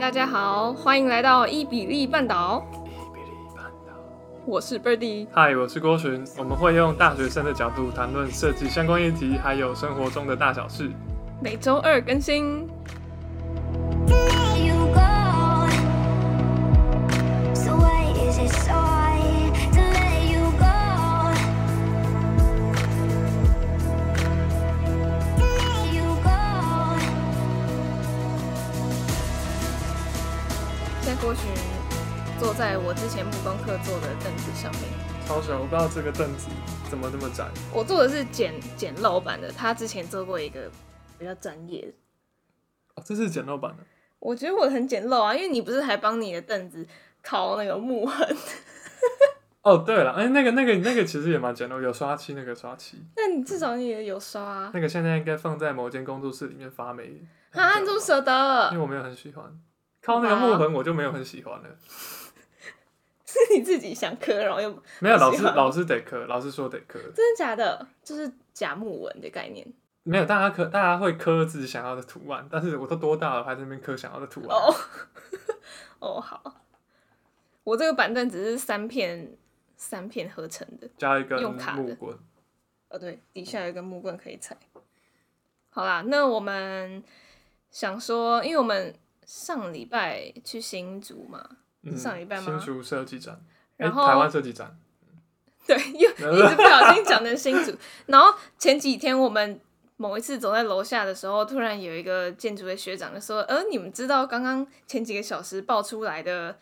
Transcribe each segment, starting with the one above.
大家好，歡迎來到依比例絆倒，依比例絆倒。我是 Birdy，Hi 我是郭洵。我們會用大學生的角度談論設計相關議題，還有生活中的大小事。每週二更新。在我之前木工課坐的凳子上面，超小，我不知道這個凳子怎麼那麼窄？我坐的是簡簡陋版的，他之前做過一個比較專業的。哦，這是簡陋版的。我覺得我很簡陋啊，因為你不是還幫你的凳子烤那個木痕。 哦，對了，哎、欸，那個、那個、那個，其實也蠻簡陋，有刷漆那個刷漆。 那你至少也有刷啊。那個現在應該放在某間工作室裡面發霉。啊，你怎麼捨得？因為我沒有很喜歡，烤那個木痕，我就沒有很喜歡了。是 你自己想刻，然後又沒有老師，老師得刻，老師說得刻，真的假的？就是假木紋的概念，沒有。大家刻，大家會刻自己想要的圖案。但是我都多大了，還在那邊刻想要的圖案？哦呵呵，哦，好。我這個板凳只是三片三片合成的，加一根木棍用。哦，對，底下有一個木棍可以踩。好啦，那我們想說，因為我們上禮拜去新竹嘛。上禮拜嗎、嗯？新竹設計展，然後、欸、台灣設計展，對，又 一直不小心講成新竹。然後前幾天我們某一次走在樓下的時候，突然有一個建築的學長就說：“呃，你們知道剛剛前幾個小時爆出來的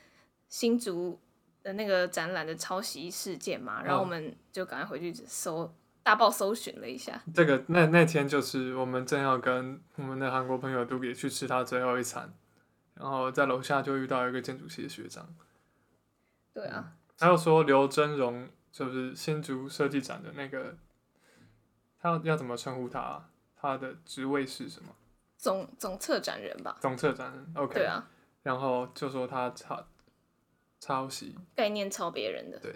新竹的那個展覽的抄襲事件嗎？”然後我們就趕快回去搜大報搜尋了一下。哦、這個那那天就是我們正要跟我們的韓國朋友都比去吃他最後一餐。然後在樓下就遇到一個建築系的學長，對啊。他又、嗯、說劉真蓉就是新竹設計展的那個，他要要怎麼稱呼他？他的職位是什麼？總總策展人吧。總策展人對，OK。對啊。然後就說他抄抄襲，概念抄別人的，對。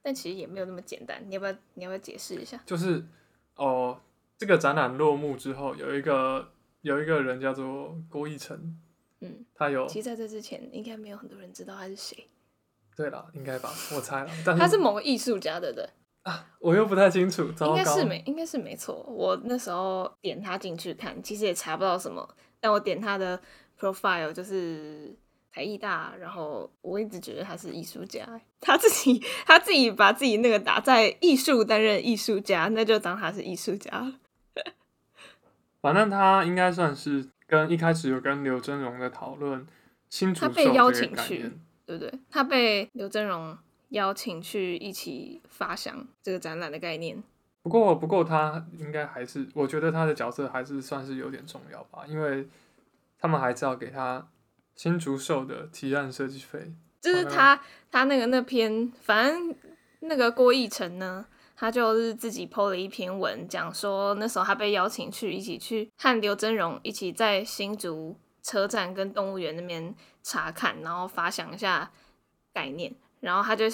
但其實也沒有那麼簡單，你要不要你要不要解釋一下？就是哦，這個展覽落幕之後，有一個有一個人叫做郭義成。嗯、他有，其實在這之前應該沒有很多人知道他是誰，對了，應該吧，我猜啦，但是 他是某個藝術家對不對？啊，我又不太清楚，應該是沒，應該是沒錯。我那時候點他進去看，其實也查不到什麼，但我點他的 profile 就是台藝大，然後我一直覺得他是藝術家，他自己他自己把自己那個打在藝術擔任藝術家，那就當他是藝術家了， 反正他應該算是。跟一開始有跟劉真蓉的討論新竹獸這個概念，他被邀請去，對不對，對？他被劉真蓉邀請去一起發想這個展覽的概念。不過，不過他應該還是，我覺得他的角色還是算是有點重要吧，因為他們還是要給他新竹獸的提案設計費，就是他他那個那篇，反正那個郭逸辰呢。他就是自己 PO 了一篇文，講說那時候他被邀請去一起去和劉真蓉一起在新竹車站跟動物園那邊查看，然後發想一下概念，然後他就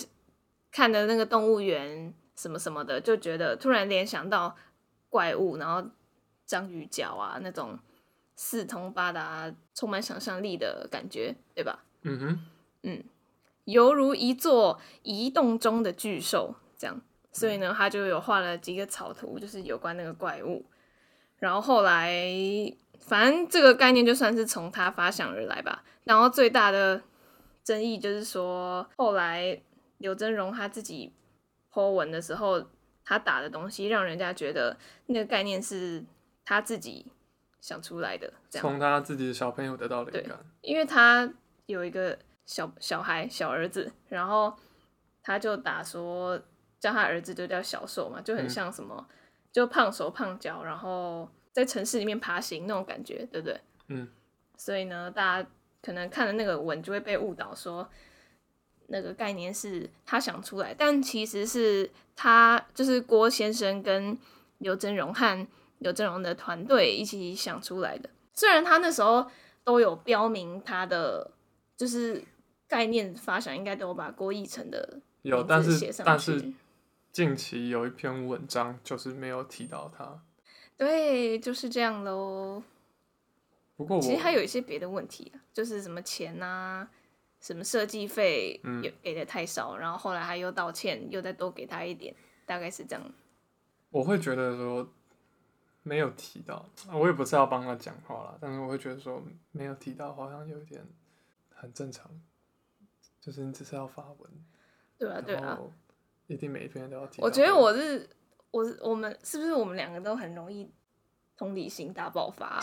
看的那個動物園什麼什麼的，就覺得突然聯想到怪物，然後章魚腳啊那種四通八達、充滿想象力的感覺，對吧？嗯哼，嗯，猶如一座移動中的巨獸這樣。所以呢，他就有畫了幾個草圖，就是有關那個怪物。然後後來，反正這個概念就算是從他發想而來吧。然後最大的爭議就是說，後來劉真蓉他自己 Po 文的時候，他打的東西讓人家覺得那個概念是他自己想出來的，這樣。從他自己的小朋友得到的。對，因為他有一個小小孩、小兒子，然後他就打說。叫他兒子就叫小瘦嘛，就很像什麼，嗯，就胖手胖腳，然後在城市裡面爬行那種感覺，對不對？嗯。所以呢，大家可能看了那個文就會被誤導，說那個概念是他想出來，但其實是他就是郭先生跟劉真榮和劉真榮的團隊一起想出來的。雖然他那時候都有標明他的就是概念發想，應該都有把郭一誠的名字有，但是寫上去。近期有一篇文章就是沒有提到他，對，就是這樣嘍。不過我其實還有一些別的問題啊，就是什麼錢啊，什麼設計費也給得太少，嗯，然後後來他又道歉，又再多給他一點，大概是這樣。我會覺得說沒有提到，我也不是要幫他講話啦，但是我會覺得說沒有提到，好像有點很正常，就是你只是要發文，對啊，然後，對啊。我覺得我是我是，我們是不是我們兩個都很容易同理心大爆發啊？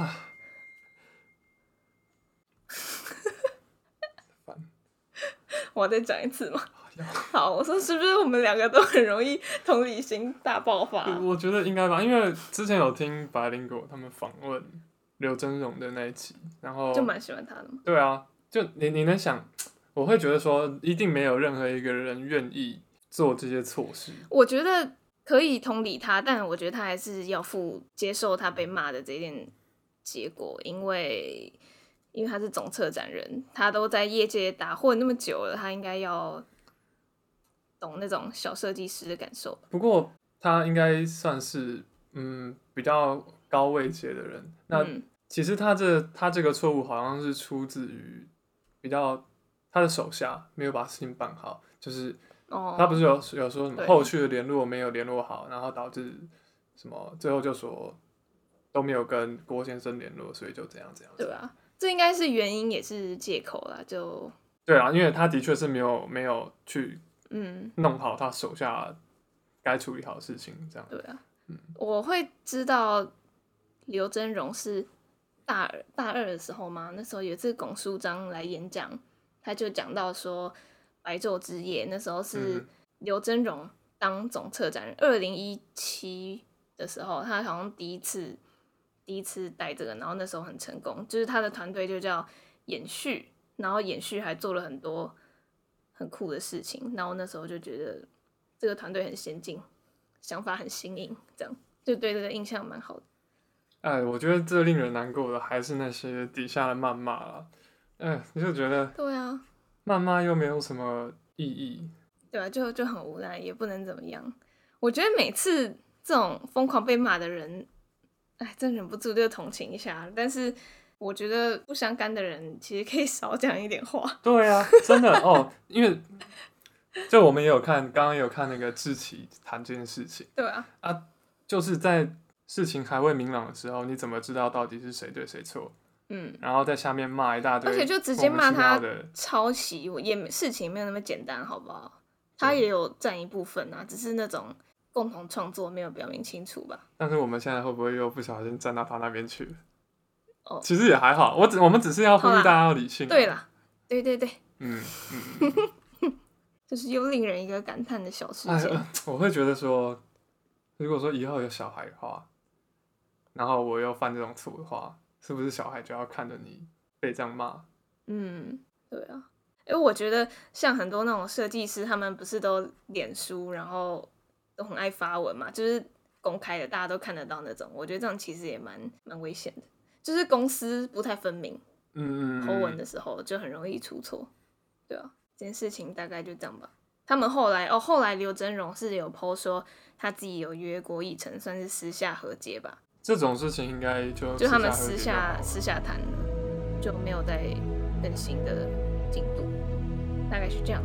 啊 我要再講一次嗎？有好，我說，是不是我們兩個都很容易同理心大爆發啊？我覺得應該吧，因為之前有聽百靈果他們訪問劉真蓉的那一期，然後就蠻喜歡他的嘛。對啊，就你你在想。我會覺得說，一定沒有任何一個人願意做這些錯事。我覺得可以同理他，但我覺得他還是要負接受他被罵的這一點結果，因為因為他是總策展人，他都在業界打混那麼久了，他應該要懂那種小設計師的感受。不過他應該算是嗯比較高位階的人。那、嗯、其實他這他這個錯誤好像是出自於比較。他的手下沒有把事情辦好，就是，他不是有，oh, 有說什麼後續的聯絡沒有聯絡好，對然後導致什麼最後就說都沒有跟郭先生聯絡，所以就這樣這樣，樣。對啊，這應該是原因，也是借口啦。就對啊，因為他的確是沒有沒有去嗯弄好他手下該處理好的事情，嗯、這樣對啊。嗯，我會知道劉真榮是大二大二的時候嗎？那時候有一次龔書章來演講。他就講到說白，白晝之夜那時候是劉真蓉當總策展人，二零一七的時候，他好像第一次第一次帶這個，然後那時候很成功，就是他的團隊就叫衍序，然後衍序還做了很多很酷的事情，然後那時候就覺得這個團隊很先進，想法很新穎，這樣就對這個印象蠻好的。哎，我覺得最令人難過的還是那些底下的謾罵了。哎，你就覺得對啊，罵罵又沒有什麼意義，對吧、啊？就就很無奈，也不能怎麼樣。我覺得每次這種瘋狂被罵的人，哎，真的忍不住就同情一下。但是我覺得不相干的人其實可以少講一點話。對啊，真的哦， 因為就我們也有看，剛剛也有看那個志祺談這件事情。對啊，啊，就是在事情還未明朗的時候，你怎麼知道到底是誰對誰錯？嗯，然後在下面罵一大堆，而且就直接罵他抄襲，我也事情沒有那麼簡單，好不好？他也有佔一部分啊，嗯、只是那種共同創作沒有表明清楚吧。但是我們現在會不會又不小心站到他那邊去？哦，其實也還好，我只我們只是要呼籲大家要理性、啊啦。對啦，對對對，嗯，嗯 就是又令人一個感嘆的小事情、哎呃。我會覺得說，如果說以後有小孩的話，然後我又犯這種錯的話。.是不是小孩就要看着你被這樣罵？嗯，對啊。哎、欸，我覺得像很多那種設計師，他們不是都臉書，然後都很愛發文嘛，就是公開的，大家都看得到那種。我覺得這樣其實也蠻蠻危險的，就是公私不太分明，嗯嗯，嗯，PO 文的時候就很容易出錯。對啊，這件事情大概就這樣吧。他們後來哦，後來劉真蓉是有 PO 說他自己有約過易成，算是私下和解吧。這種事情應該就就他們私下吧私下談了，就沒有再更新的進度，大概是這樣。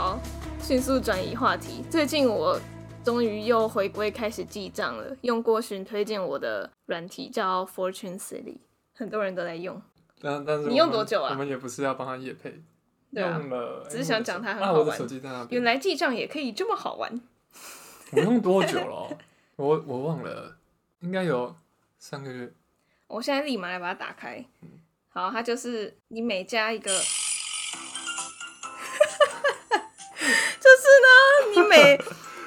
好，迅速轉移話題。最近我終於又回歸開始記賬了，用郭洵推薦我的軟體叫 Fortune City，很多人都在用。但但是你用多久啊？我們也不是要幫他業配。對啊，用了，欸、只是想講他很好玩。啊、我的手機在那邊。原來記賬也可以這麼好玩。 我用多久了？我我忘了，應該有三個月。我現在立馬來把它打開。好，它就是你每加一個。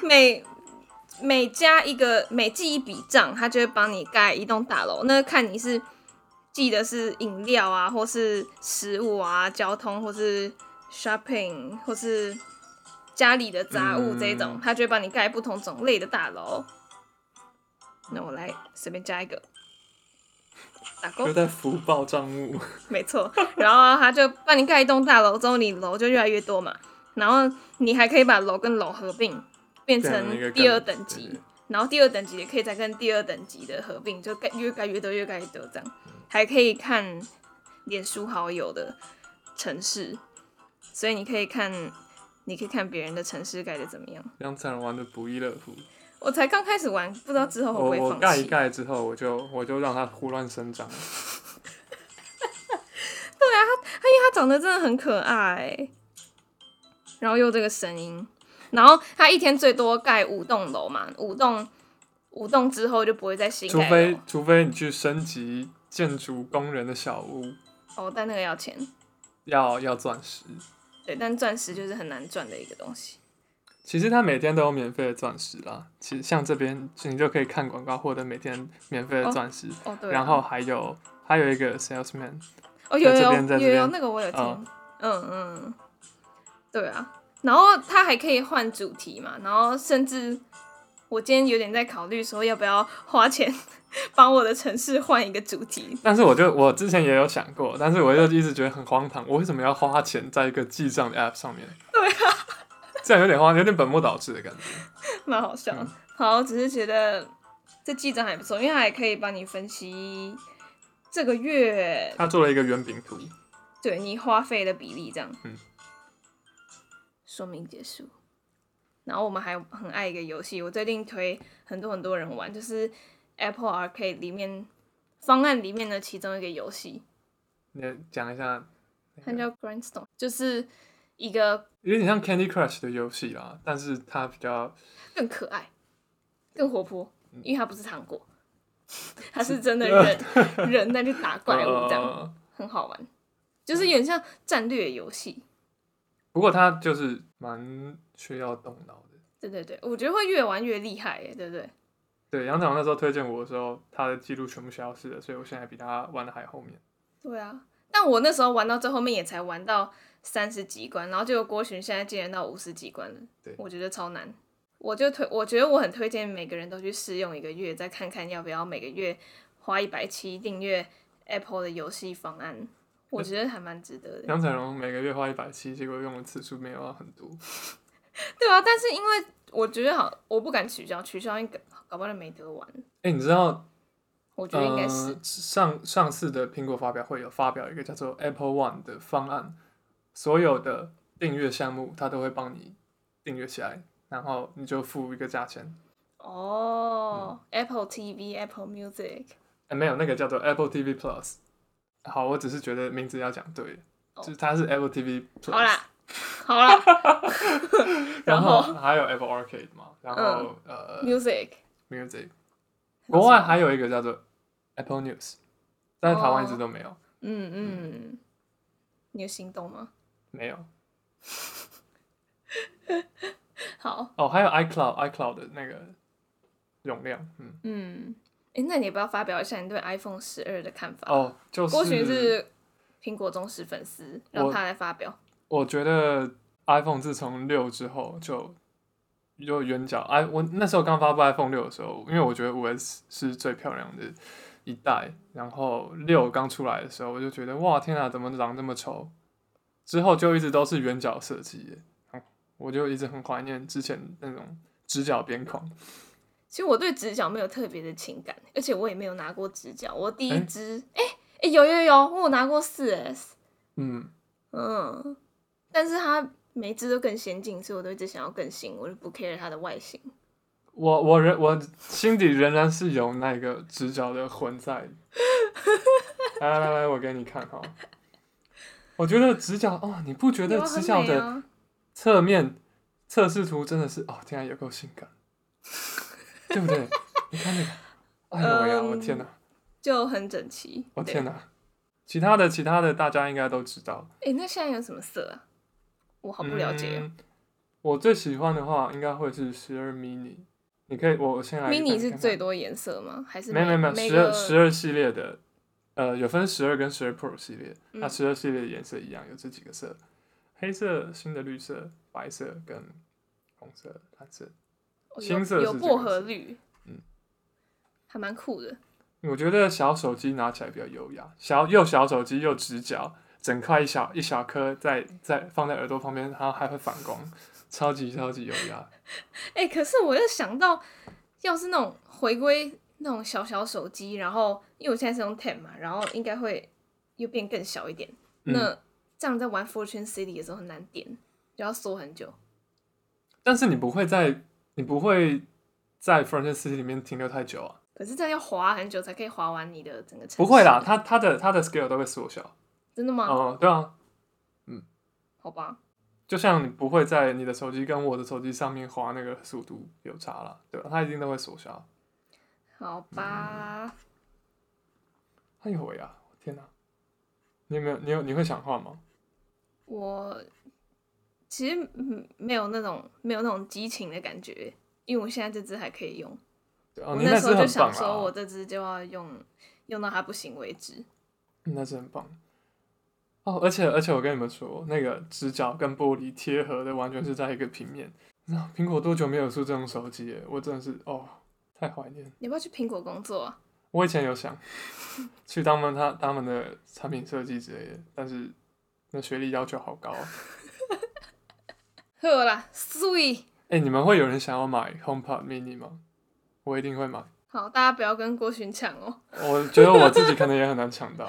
每每加一個，每記一筆賬他就會幫你蓋一棟大樓。那個、看你是記的是飲料啊，或是食物啊，交通，或是 shopping，或是家裡的雜物這種，嗯、他就會幫你蓋不同種類的大樓。那我來隨便加一個，打工。都在福報賬目沒錯。然後、啊、他就幫你蓋一棟大樓，之後你樓就越來越多嘛。然後你還可以把樓跟樓合併。變成第二等級，對對對，然後第二等級也可以再跟第二等級的合併，就蓋越蓋越多，越蓋越多這樣。嗯、還可以看臉書好友的城市，所以你可以看，你可以看別人的城市蓋的怎麼樣。這樣才能玩的不亦樂乎。我才剛開始玩，不知道之後會不會放棄。蓋一蓋之後，我就我就讓它胡亂生長。 對啊，哎呀，它長得真的很可愛，然後又這個聲音。然後他一天最多蓋五棟樓嘛，五棟五棟之後就不會再新蓋了。除非除非你去升級建築工人的小屋。哦，但那個要錢。要要鑽石。對，但鑽石就是很難賺的一個東西。其實他每天都有免費的鑽石啦。其實像這邊你就可以看廣告獲得每天免費的鑽石。哦，對。然後還有、哦啊、還有一個 salesman。哦，有有有在這邊有，有，有那個我有聽。嗯嗯，嗯。對啊。然後它還可以換主題嘛。然後甚至我今天有點在考慮說，要不要花錢幫我的城市換一個主題，但是我就我之前也有想過，但是我就一直覺得很荒唐，我為什麼要花錢在一個記賬的 App 上面？對啊，這樣有點花，有點本末倒置的感覺，蠻好笑。嗯、好，只是覺得這記賬還不錯，因為它還可以幫你分析這個月。他做了一個圓餅圖，對，你花費的比例這樣，嗯。說明結束，然後我們還很愛一個遊戲，我最近推很多很多人玩，就是 Apple Arcade 裡面方案裡面的其中一個遊戲。你講一下、那個，它叫 Grindstone，就是一個有點像 Candy Crush 的遊戲啦，但是它比較更可愛、更活潑，因為它不是糖果，嗯、它是真的人 人在去打怪物，這樣、oh. 很好玩，就是有點像戰略遊戲。不過它就是。蠻需要動腦的。對對對，我覺得會越玩越厲害，耶，對不對？對，楊總那時候推薦我的時候，他的記錄全部消失了，所以我現在比他玩的還後面。對啊，但我那時候玩到最後面也才玩到三十幾關，然後結果郭洵現在竟然到五十幾關了。對，我覺得超難。我就推，我覺得我很推薦每個人都去試用一個月，再看看要不要每個月花一百七訂閱 Apple 的遊戲方案。我覺得還蠻值得的。楊彩榮每個月花一百七，結果用的次數沒有很多。 對啊，但是因為我覺得好，我不敢取消，取消一個搞不好就沒得玩。哎、欸，你知道？我覺得應該是、呃、上上次的蘋果發表會有發表一個叫做 Apple One 的方案，所有的訂閱項目他都會幫你訂閱起來，然後你就付一個價錢。哦、oh，嗯、，Apple TV、Apple Music。哎、欸，沒有那個叫做 Apple TV Plus。好，我只是覺得名字要講對，就它是 Apple TV+。好啦，好啦。然後還有 Apple Arcade 嗎？然後呃，Music，Music。國外還有一個叫做 Apple News，但是台灣一直都沒有。嗯嗯嗯。你有心動嗎？沒有。好。哦，還有 iCloud，iCloud 的那個容量，嗯嗯。誒、欸，那你也不要發表一下你對 iPhone 十二的看法哦。郭洵是蘋果忠實粉絲，我讓他來發表。我覺得 iPhone 自從六之後就就圓角。哎，我那時候剛發布 iPhone 六的時候，因為我覺得五 S 是最漂亮的一代，然後六剛出來的時候，我就覺得哇天哪、啊，怎麼長這麼醜？之後就一直都是圓角設計，我就一直很懷念之前那種直角邊框。其實我對直角沒有特別的情感，而且我也沒有拿過直角。我第一支，哎哎、欸欸欸，有有有，我有拿過四 S。 嗯 嗯，但是它每一支都更先進，所以我都一直想要更新，我就不 care 它的外形。我我人我心底仍然是有那個直角的魂在。 來，來來來，我給你看哈、哦。 我覺得直角哦，你不覺得直角的側面測試圖真的是哦，竟然有夠性感。 對不對？你看那，這個，哎呀！我天哪，就很整齊。我天哪，其他的其他的大家應該都知道。哎，那現在有什麼色啊？我好不了解，啊嗯。我最喜歡的話，應該會是十二 mini。你可以，我先來。mini 是最多顏色嗎？還是？沒沒沒有，十二十二系列的，呃，有分十二跟十二 Pro 系列。那十二系列的顏色一樣，有這幾個色：黑色、新的綠色、白色跟紅色、藍色。哦、有，有薄荷綠，嗯，還蠻酷的。我覺得小手機拿起來比較優雅，小又小手機又直角，整塊一小一小顆在在放在耳朵旁邊，它還會反光，超級超級優雅。哎、 欸，可是我又想到，要是那種回歸那種小小手機，然後因為我現在是用 Ten 嘛，然後應該會又變更小一點。嗯、那這樣在玩 Fortune City 的時候很難點，就要縮很久。但是你不會在。你不會在 Fortune City 裡面停留太久啊？可是這樣要滑很久才可以滑完你的整個城。不會啦，它它的它的 scale 都會縮小。真的嗎？哦、嗯，對啊，嗯，好吧。就像你不會在你的手機跟我的手機上面滑那個速度有差了，對吧、啊？它一定都會縮小。好吧。哎呦呀！天哪，你有沒有？你有？你會想換嗎？我。其實沒有那種沒有那種激情的感覺，因為我現在這支還可以用。對我那時候就想說，我這支就要用、哦那啊、用到它不行為止。嗯、那真的很棒哦！而且而且，我跟你們說，那個直角跟玻璃貼合的，完全是在一個平面。蘋、哦、蘋果多久沒有出這種手機？我真的是哦，太懷念。你要不要去蘋果工作、啊？我以前有想去他們他他們的產品設計之類的，但是那學歷要求好高。好了，Sweet 哎，你們會有人想要買 HomePod Mini 嗎？我一定會買。好，大家不要跟郭洵搶哦。我覺得我自己可能也很難搶到。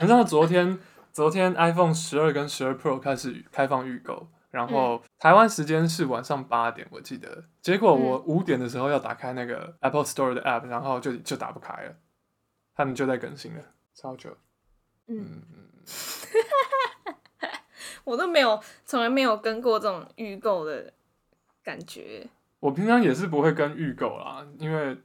你知道昨天，昨天 iPhone 十二跟十二 Pro 開始開放預購，然後、嗯、台灣時間是晚上八點，我記得。結果我五點的時候要打開那個 Apple Store 的 app，然後就就打不開了。他們就在更新了，超久。嗯嗯。哈哈哈哈。 我都沒有，從來沒有跟過這種預購的感覺。我平常也是不會跟預購啦，因為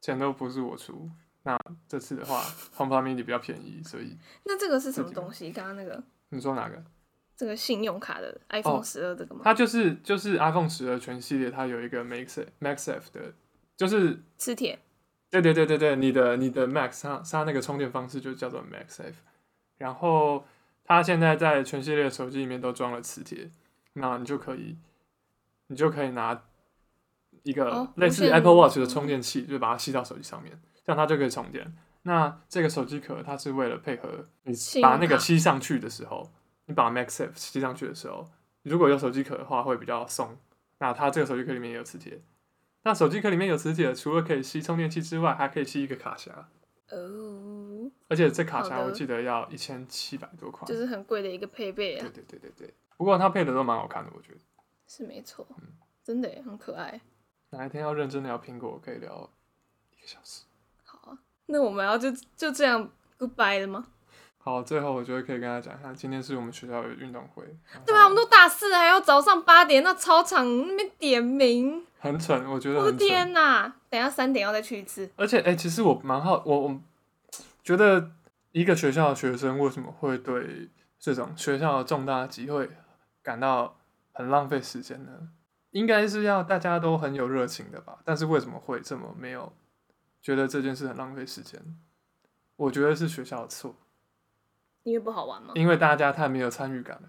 錢都不是我出。那這次的話 ，HomePod mini 比較便宜，所以。那這個是什麼東西？剛剛那個？你說哪個？這個信用卡的 iPhone 十二這個嗎？它就是就是 iPhone 十二全系列，它有一個 MagSafe MagSafe 的，就是磁鐵鐵。對對對對對，你的你的 Mac 它它那個充電方式就叫做 MagSafe，然後。它現在在全系列的手機裡面都裝了磁鐵，那你就可以，你就可以拿一個類似 Apple Watch 的充電器，就把它吸到手機上面，這樣它就可以充電。那這個手機殼它是為了配合你把那個吸上去的時候，你把 MagSafe 吸上去的時候，如果有手機殼的話會比較鬆。那它這個手機殼裡面也有磁鐵，那手機殼裡面有磁鐵，除了可以吸充電器之外，還可以吸一個卡匣。而且這卡鉗我記得要一千七百多塊，就是很貴的一個配備啊。對對對對，不過它配的都蠻好看的，我覺得是沒錯，嗯、真的很可愛。哪一天要認真聊蘋果，我可以聊一個小時。好啊，那我們要就就這樣 goodbye 了嗎？好，最後我覺得可以跟他講一下，今天是我們學校的運動會。對啊，我們都大四，還要早上八點到操場那邊點名。很蠢，我覺得很蠢。我天吶，等下三點要再去一次。而且，哎、欸，其實我蠻好，我我覺得一個學校的學生為什麼會對這種學校的重大機會感到很浪費時間呢？應該是要大家都很有熱情的吧？但是為什麼會這麼沒有覺得這件事很浪費時間？我覺得是學校的錯。因為不好玩嗎？因為大家太沒有參與感了。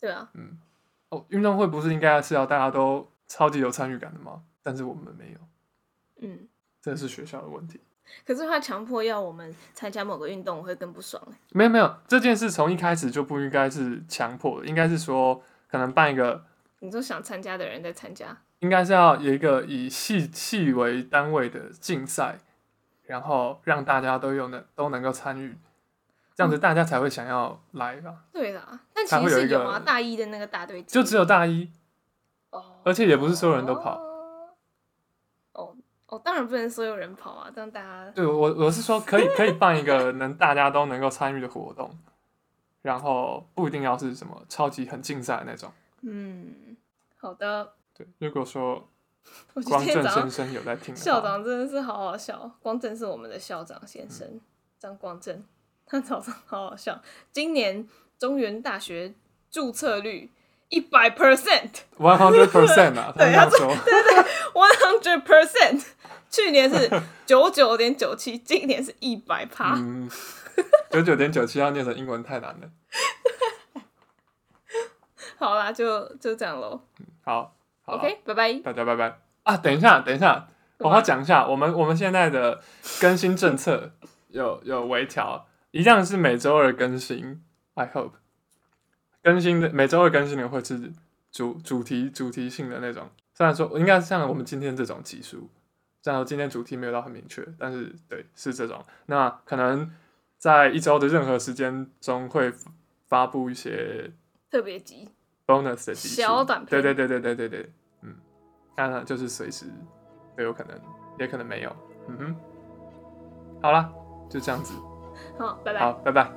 對啊。嗯。哦，運動會不是應該是要大家都。超級有參與感的嗎？但是我們沒有，嗯，這是學校的問題。可是他強迫要我們參加某個運動，我會更不爽耶。沒有沒有，這件事從一開始就不應該是強迫的，應該是說可能辦一個，你就想參加的人在參加，應該是要有一個以系系為單位的競賽，然後讓大家都有能都能夠參與，這樣子大家才會想要來吧。嗯、對的、啊，但其實有一大一的那個大隊，就只有大一。而且也不是所有人都跑，哦哦，當然不能所有人跑啊，這樣大家對我，我是說可以可以辦一個能大家都能夠參與的活動， 然後不一定要是什麼超級很競賽的那種。嗯，好的。對，如果說光正先生有在聽的，校長真的是好好笑，光正是我們的校長先生張、嗯、光正，他早上好好笑。今年中原大學註冊率。一百 percent，one hundred percent 啊， 對啊，對對對，one hundred percent。去年是九九點九七，今年是一百趴。九九點九七要念成英文太難了。 好啦，就就這樣嘍。好，OK，拜拜，大家拜拜啊！等一下，等一下，好好講一下我們我們現在的更新政策有有微調，一樣是每周二更新，I hope。更新的每週會更新的會是主主題主題性的那種，雖然說應該像我們今天這種集數，雖然說今天主題沒有到很明確，但是對是這種。那可能在一週的任何時間中會發布一些特別集、bonus 的集、小短片。對對對對對對對，嗯，那就是隨時都有可能，也可能沒有。嗯哼，好了，就這樣子。好，拜拜。好，拜拜。